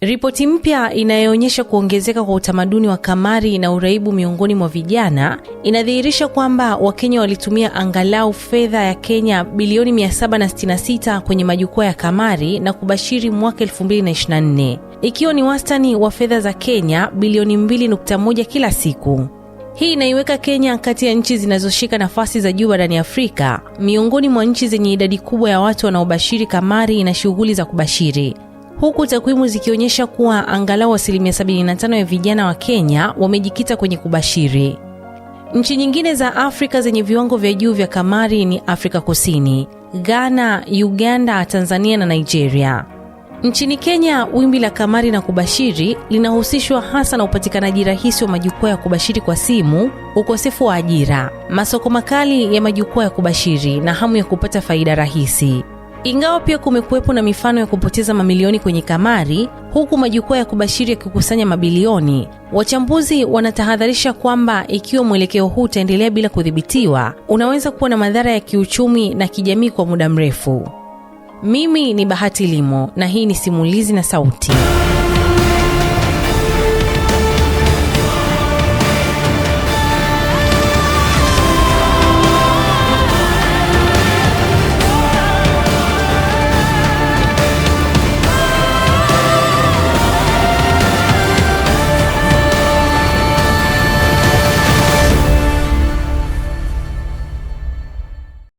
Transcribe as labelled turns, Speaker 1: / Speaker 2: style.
Speaker 1: Ripoti mpya inayoonyesha kuongezeka kwa utamaduni wa kamari na uraibu miongoni mwa vijana inadhihirisha kwamba Wakenya walitumia angalau fedha ya Kenya bilioni 766 kwenye majukwaa ya kamari na kubashiri mwaka 2024 ikiwa ni wastani wa fedha za Kenya bilioni 2.1 kila siku. Hii inaiweka Kenya kati ya nchi zinazoshika nafasi za juu barani Afrika, miongoni mwa nchi zenye idadi kubwa ya watu wanaobashiri kamari na shughuli za kubashiri huku takwimu zikionyesha kuwa angalau asilimia 75 ya vijana wa Kenya wamejikita kwenye kubashiri. Nchi nyingine za Afrika zenye viwango vya juu vya kamari ni Afrika Kusini, Ghana, Uganda, Tanzania na Nigeria. Nchini Kenya, wimbi la kamari na kubashiri linahusishwa hasa na upatikanaji rahisi wa majukwaa ya kubashiri kwa simu, ukosefu wa ajira, masoko makali ya majukwaa ya kubashiri na hamu ya kupata faida rahisi. Ingawa pia kumekuwepo na mifano ya kupoteza mamilioni kwenye kamari, huku majukwaa ya kubashiri yakikusanya mabilioni, wachambuzi wanatahadharisha kwamba ikiwa mwelekeo huu utaendelea bila kudhibitiwa, unaweza kuwa na madhara ya kiuchumi na kijamii kwa muda mrefu. Mimi ni Bahati Limo na hii ni Simulizi na Sauti.